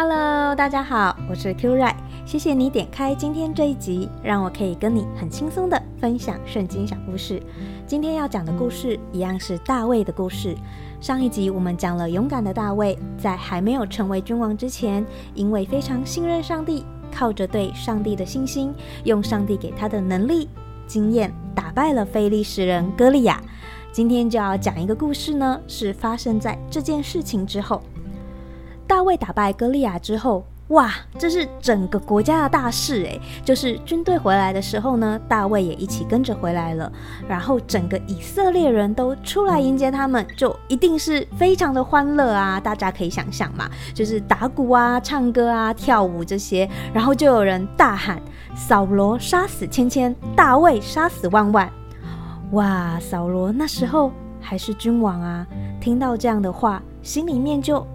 Hello，大家好，我是 Q Ray，謝謝你點開今天這一集，讓我可以跟你很輕鬆的分享聖經小故事。今天要講的故事一樣是大衛的故事。上一集我們講了勇敢的大衛，在還沒有成為君王之前，因為非常信任上帝，靠着對上帝的信心，用上帝給他的能力、經驗，打敗了非利士人歌利亞。今天就要講一個故事呢，是發生在這件事情之後。被打敗歌利亞之後，哇，這是整個國家的大事誒，就是軍隊回來的時候呢，大衛也一起跟着回來了，然後整個以色列人都出來迎接他們，就一定是非常的歡樂啊！大家可以想象嘛，就是打鼓啊、唱歌啊、跳舞這些，然後就有人大喊：“掃羅殺死千千，大衛殺死萬萬。”哇，掃羅那時候還是君王啊，聽到這樣的話，心裡面就。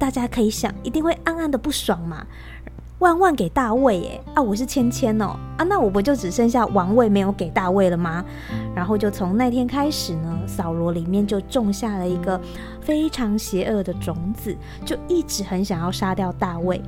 大家可以想，一定會暗暗的不爽嘛！萬萬給大衛耶啊！我是千千哦、喔、啊，那我不就只剩下王位沒有給大衛了嗎？然後就從那天開始呢，掃羅裡面就種下了一個非常邪惡的種子，就一直很想要殺掉大衛。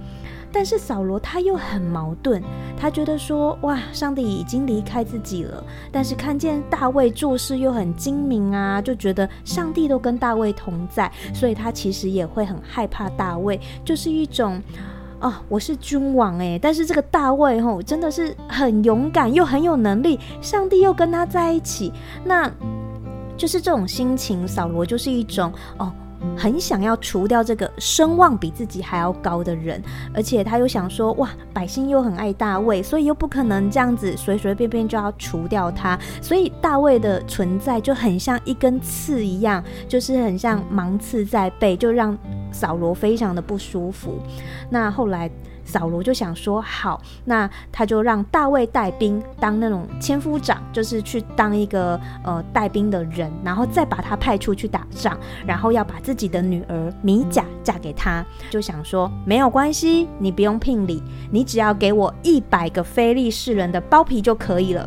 但是掃羅他又很矛盾，他覺得說哇，上帝已經離開自己了，但是看見大衛做事又很精明啊，就覺得上帝都跟大衛同在，所以他其實也會很害怕大衛，就是一種，哦，我是君王哎，但是這個大衛吼真的是很勇敢又很有能力，上帝又跟他在一起，那就是這種心情，掃羅就是一種哦。很想要除掉這個聲望比自己還要高的人，而且他又想說，哇，百姓又很愛大衛，所以又不可能這樣子隨隨便便，便就要除掉他。所以大衛的存在就很像一根刺一樣，就是很像芒刺在背，就讓掃羅非常的不舒服。那後來。掃羅就想說好，那他就讓大衛帶兵當那種千夫長，就是去當一個呃帶兵的人，然後再把他派出去打仗，然後要把自己的女兒米甲嫁給他。就想說沒有關係，你不用聘禮，你只要給我一百個非利士人的包皮就可以了。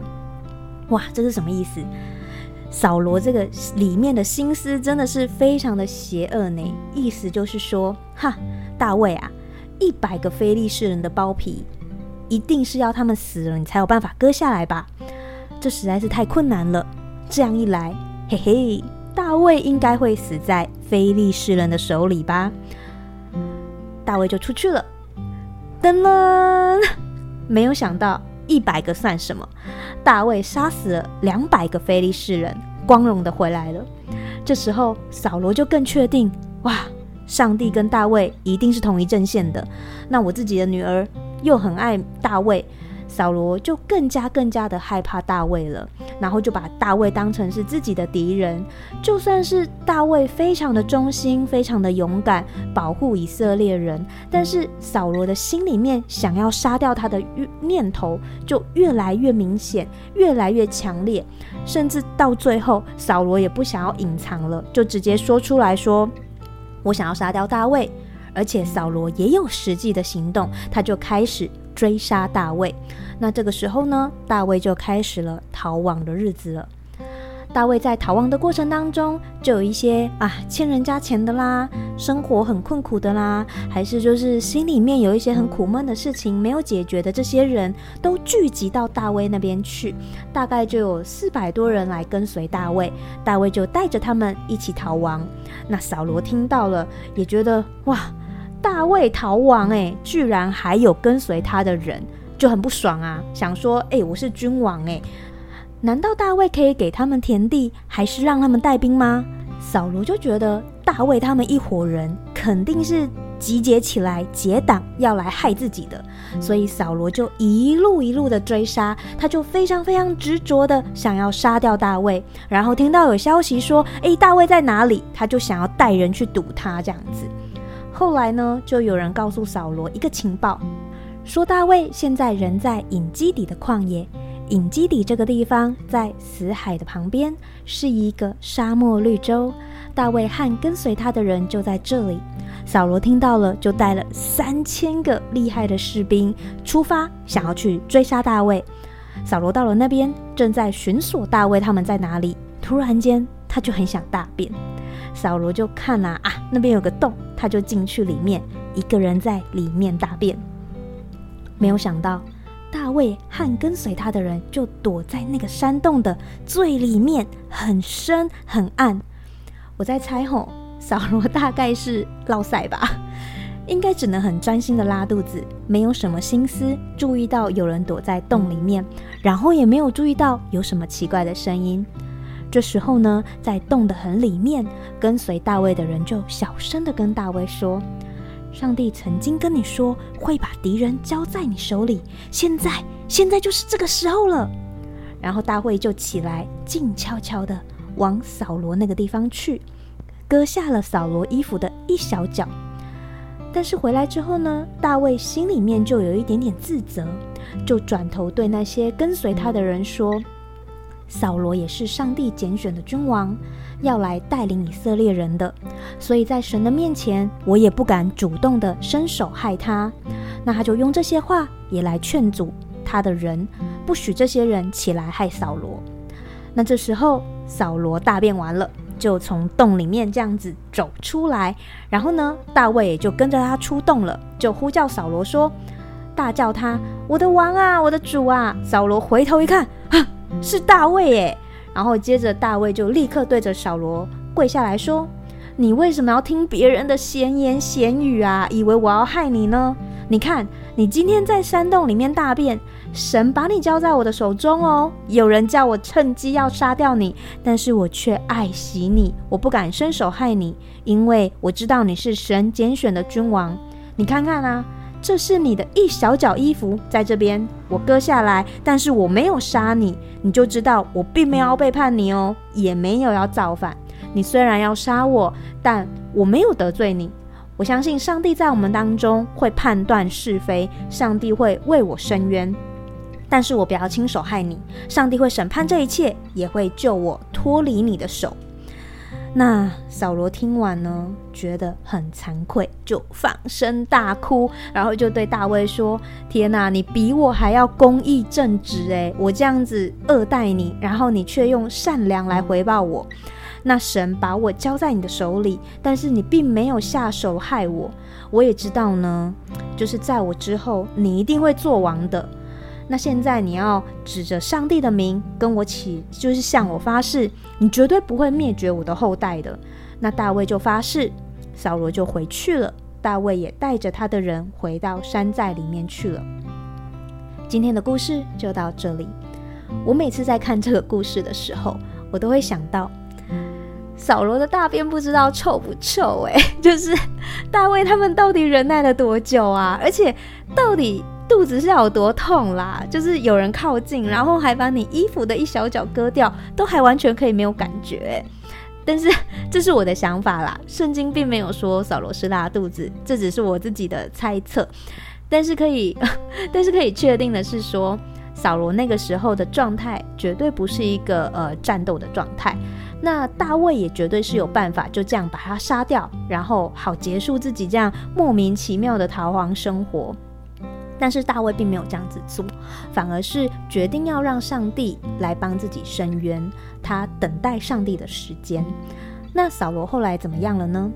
哇，這是什麼意思？掃羅這個裡面的心思真的是非常的邪惡呢。意思就是說，哈，大衛啊。一百個非利士人的包皮，一定是要他們死了你才有辦法割下來吧？這實在是太困難了。這樣一來，嘿嘿，大衛應該會死在非利士人的手裡吧？大衛就出去了。噔噔，沒有想到一百個算什麼？大衛殺死了兩百個非利士人，光榮的回來了。這時候掃羅就更確定，哇！上帝跟大衛一定是同一陣線的，那我自己的女兒又很愛大衛，掃羅就更加更加的害怕大衛了，然後就把大衛當成是自己的敵人。就算是大衛非常的忠心，非常的勇敢，保護以色列人，但是掃羅的心裡面想要殺掉他的念頭就越來越明顯，越來越強烈，甚至到最後，掃羅也不想要隱藏了，就直接說出來說。我想要殺掉大衛，而且掃羅也有實際的行動，他就開始追殺大衛。那這個時候呢，大衛就開始了逃亡的日子了。大衛在逃亡的過程當中，就有一些啊欠人家錢的啦，生活很困苦的啦，還是就是心裡面有一些很苦悶的事情沒有解決的，這些人都聚集到大衛那邊去，大概就有四百多人來跟隨大衛，大衛就帶着他們一起逃亡。那掃羅聽到了，也覺得哇，大衛逃亡欸，居然還有跟隨他的人，就很不爽啊，想說欸，我是君王欸。難道大衛可以給他們田地，還是讓他們帶兵嗎？掃羅就覺得大衛他們一夥人肯定是集結起來結黨要來害自己的，所以掃羅就一路一路的追殺，他就非常非常執着的想要殺掉大衛。然後聽到有消息說，哎，大衛在哪裡？他就想要帶人去堵他這樣子。後來呢，就有人告訴掃羅一個情報，說大衛現在人在隱基底的曠野。隱基底這個地方在死海的旁邊，是一個沙漠綠洲。大衛和跟隨他的人就在這裡。掃羅聽到了，就帶了三千個厲害的士兵出發，想要去追殺大衛。掃羅到了那邊，正在尋索大衛他們在哪裡。突然間，他就很想大便。掃羅就看啊啊，那邊有個洞，他就進去裡面，一個人在裡面大便。沒有想到。大衛和跟隨他的人就躲在那個山洞的最裡面，很深很暗。我在猜吼，掃羅大概是落塞吧，應該只能很專心的拉肚子，沒有什麼心思注意到有人躲在洞裡面，然後也沒有注意到有什麼奇怪的聲音。這時候呢，在洞的很裡面，跟隨大衛的人就小聲的跟大衛說。上帝曾經跟你說會把敵人交在你手裡，現在現在就是這個時候了。然後大衛就起來，靜悄悄的往掃羅那個地方去，割下了掃羅衣服的一小角。但是回來之後呢，大衛心裡面就有一點點自責，就轉頭對那些跟隨他的人說。掃羅也是上帝揀選的君王，要來帶領以色列人的，所以在神的面前，我也不敢主動的伸手害他。那他就用這些話也來勸阻他的人，不許這些人起來害掃羅。那這時候，掃羅大便完了，就從洞裡面這樣子走出來，然後呢，大衛也就跟着他出洞了，就呼叫掃羅說：“大叫他，我的王啊，我的主啊！”掃羅回頭一看，啊。是大衛耶，然後接着大衛就立刻對着掃羅跪下來說：“你為什麼要聽別人的閒言閒語啊？以為我要害你呢？你看，你今天在山洞裡面大便，神把你交在我的手中哦。有人叫我趁機要殺掉你，但是我卻愛惜你，我不敢伸手害你，因為我知道你是神揀選的君王。你看看啊。”這是你的一小角衣服，在這邊我割下來，但是我沒有殺你，你就知道我並沒有要背叛你哦，也沒有要造反。你雖然要殺我，但我沒有得罪你。我相信上帝在我們當中會判斷是非，上帝會為我伸冤。但是我不要親手害你，上帝會審判這一切，也會救我脫離你的手。那掃羅聽完呢，覺得很慚愧，就放聲大哭，然後就對大衛說：“天哪，你比我還要公義正直誒，我這樣子惡待你，然後你卻用善良來回報我。那神把我交在你的手裡，但是你並沒有下手害我。我也知道呢，就是在我之後，你一定會做王的。”那現在你要指着上帝的名跟我起，就是向我發誓，你絕對不會滅絕我的後代的。那大衛就發誓，掃羅就回去了，大衛也帶着他的人回到山寨裡面去了。今天的故事就到這裡。我每次在看這個故事的時候，我都會想到掃羅的大便不知道臭不臭誒、欸，就是大衛他們到底忍耐了多久啊？而且到底。肚子是有多痛啦？就是有人靠近，然後還把你衣服的一小角割掉，都還完全可以沒有感覺。但是這是我的想法啦。聖經並沒有說掃羅是拉肚子，這只是我自己的猜測。但是可以，但是可以確定的是說，說掃羅那個時候的狀態絕對不是一個呃戰鬥的狀態。那大衛也絕對是有辦法，就這樣把他殺掉，然後好結束自己這樣莫名其妙的逃亡生活。但是大衛並沒有這樣子做，反而是決定要讓上帝來幫自己伸冤。他等待上帝的時間。那掃羅後來怎麼樣了呢？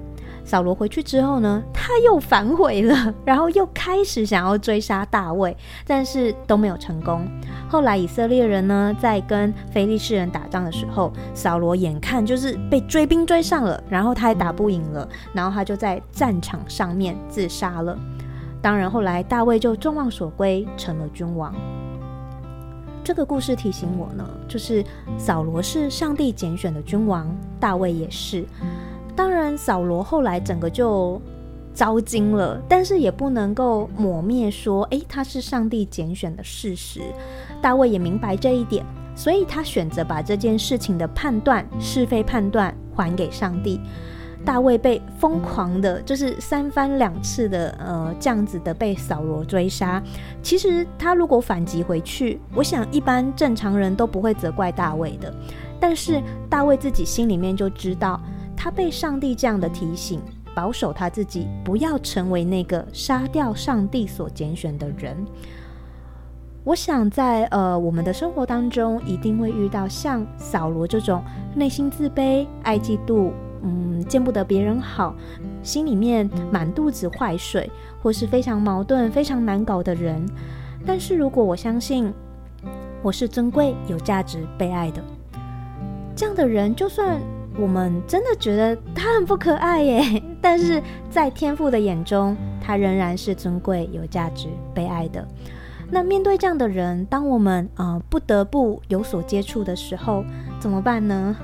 掃羅回去之後呢，他又反悔了，然後又開始想要追殺大衛，但是都沒有成功。後來以色列人呢，在跟非利士人打仗的時候，掃羅眼看就是被追兵追上了，然後他也打不贏了，然後他就在戰場上面自殺了。當然，後來大衛就眾望所歸，成了君王。這個故事提醒我呢，就是掃羅是上帝揀選的君王，大衛也是。當然，掃羅後來整個就糟糕了，但是也不能夠抹滅說，誒、哎、他是上帝揀選的事實。大衛也明白這一點，所以他選擇把這件事情的判斷、是非判斷還給上帝。大衛被瘋狂的，就是三番兩次的，呃，這樣子的被掃羅追殺。其實他如果反擊回去，我想一般正常人都不會責怪大衛的。但是大衛自己心裡面就知道，他被上帝這樣的提醒，保守他自己，不要成為那個殺掉上帝所揀選的人。我想在，呃，我們的生活當中，一定會遇到像掃羅這種內心自卑、愛嫉妒。嗯，見不得別人好，心裡面滿肚子壞水，或是非常矛盾、非常難搞的人。但是如果我相信我是尊貴、有價值、被愛的，這樣的人，就算我們真的覺得他很不可愛耶，但是在天父的眼中，他仍然是尊貴、有價值、被愛的。那面對這樣的人，當我們啊、呃、不得不有所接觸的時候，怎麼辦呢？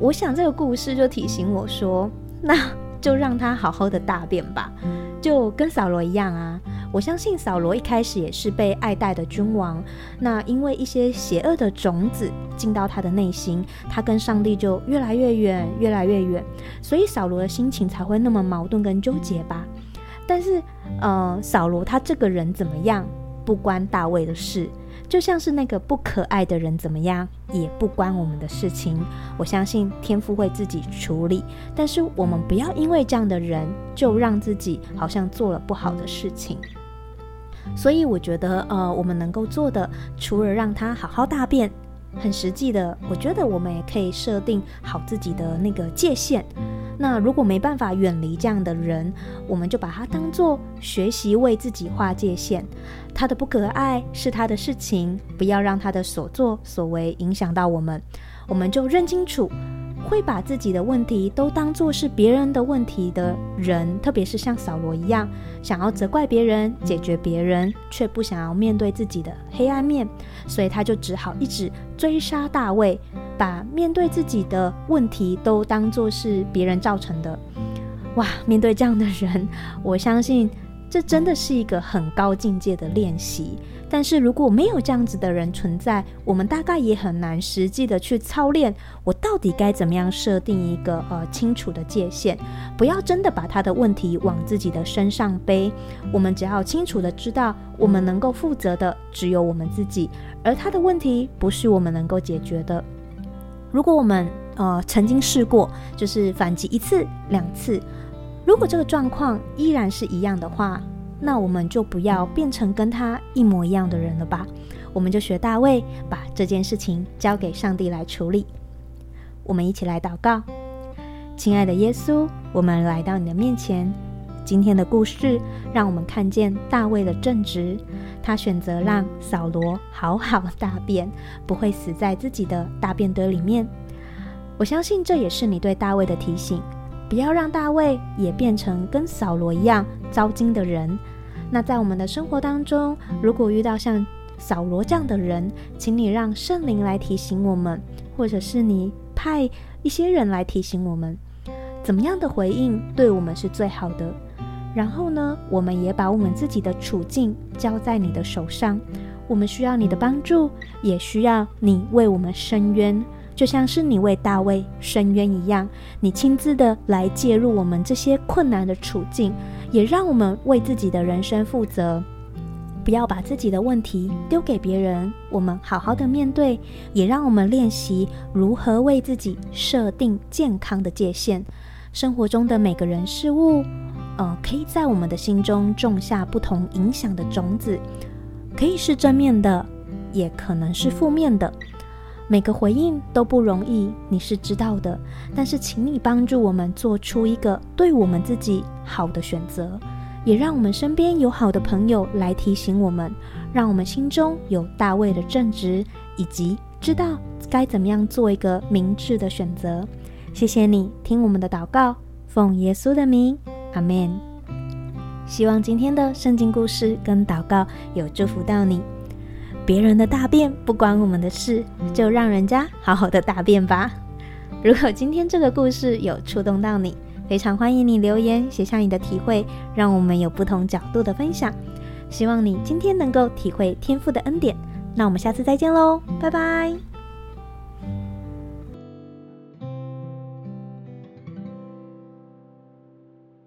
我想這個故事就提醒我說，那就讓他好好的大便吧，就跟掃羅一樣啊。我相信掃羅一開始也是被愛戴的君王，那因為一些邪惡的種子進到他的內心，他跟上帝就越來越遠，越來越遠，所以掃羅的心情才會那麼矛盾跟糾結吧。但是，呃，掃羅他這個人怎麼樣，不關大衛的事。就像是那個不可愛的人怎麼樣，也不關我們的事情。我相信天父會自己處理，但是我們不要因為這樣的人就讓自己好像做了不好的事情。所以我覺得，呃，我們能夠做的，除了讓他好好大便。很實際的，我覺得我們也可以設定好自己的那個界限。那如果沒辦法遠離這樣的人，我們就把他當做學習為自己劃界限。他的不可愛是他的事情，不要讓他的所作所為影響到我們。我們就認清楚，會把自己的問題都當做是別人的問題的人，特別是像掃羅一樣，想要責怪別人、解決別人，卻不想要面對自己的黑暗面，所以他就只好一直追殺大衛，把面對自己的問題都當作是別人造成的。哇，面對這樣的人，我相信。這真的是一個很高境界的練習，但是如果沒有這樣子的人存在，我們大概也很難實際的去操練。我到底該怎麼樣設定一個呃清楚的界限？不要真的把他的問題往自己的身上背。我們只要清楚的知道，我們能夠負責的只有我們自己，而他的問題不是我們能夠解決的。如果我們呃曾經試過，就是反擊一次、兩次。如果這個狀況依然是一樣的話，那我們就不要變成跟他一模一樣的人了吧。我們就學大衛，把這件事情交給上帝來處理。我們一起來禱告，親愛的耶穌，我們來到你的面前。今天的故事讓我們看見大衛的正直，他選擇讓掃羅好好大便，不會死在自己的大便堆裡面。我相信這也是你對大衛的提醒。不要讓大衛也變成跟掃羅一樣躁進的人。那在我們的生活當中，如果遇到像掃羅這樣的人，請你讓聖靈來提醒我們，或者是你派一些人來提醒我們，怎麼樣的回應對我們是最好的。然後呢，我們也把我們自己的處境交在你的手上，我們需要你的幫助，也需要你為我們伸冤。就像是你為大衛伸冤一樣，你親自的來介入我們這些困難的處境，也讓我們為自己的人生負責，不要把自己的問題丟給別人。我們好好的面對，也讓我們練習如何為自己設定健康的界限。生活中的每個人事物，呃，可以在我們的心中種下不同影響的種子，可以是正面的，也可能是負面的。每個回應都不容易，你是知道的。但是，請你幫助我們做出一個對我們自己好的選擇，也讓我們身邊有好的朋友來提醒我們，讓我們心中有大衛的正直，以及知道該怎麼樣做一個明智的選擇。謝謝你聽我們的禱告，奉耶穌的名，阿門。希望今天的聖經故事跟禱告有祝福到你。別人的大便不關我們的事，就讓人家好好的大便吧。如果今天這個故事有觸動到你，非常歡迎你留言寫下你的體會，讓我們有不同角度的分享。希望你今天能夠體會天父的恩典。那我們下次再見嘍，拜拜。